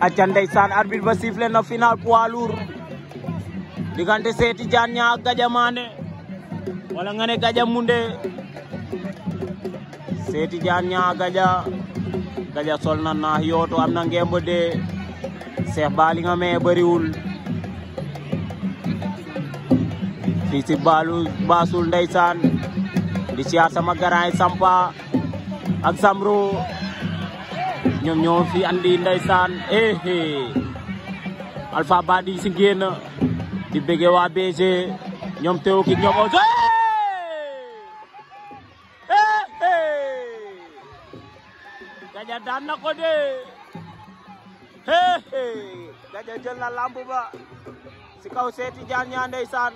aca ndeysaan arbitre ba sifflé na final poids lourd diggante Sety ñaa Gandia Mané wala ngane ne Gandia Moundé Sety Diagne ñaa Gandia Gandia sol na na yooto am na ngembo de Cheikh Bali nga bëriwul fii si baasul ndeysaan di siyaar sama garaay sampa ak samro ñoom ñoo fi andi ndeysaan eh Alpha Ba di si génn di waa BG ñoom teew ki ñoom Ozo. Gadia daan na ko de Gadia jël na ba si kaw seeti jaar ñaa ndeysaan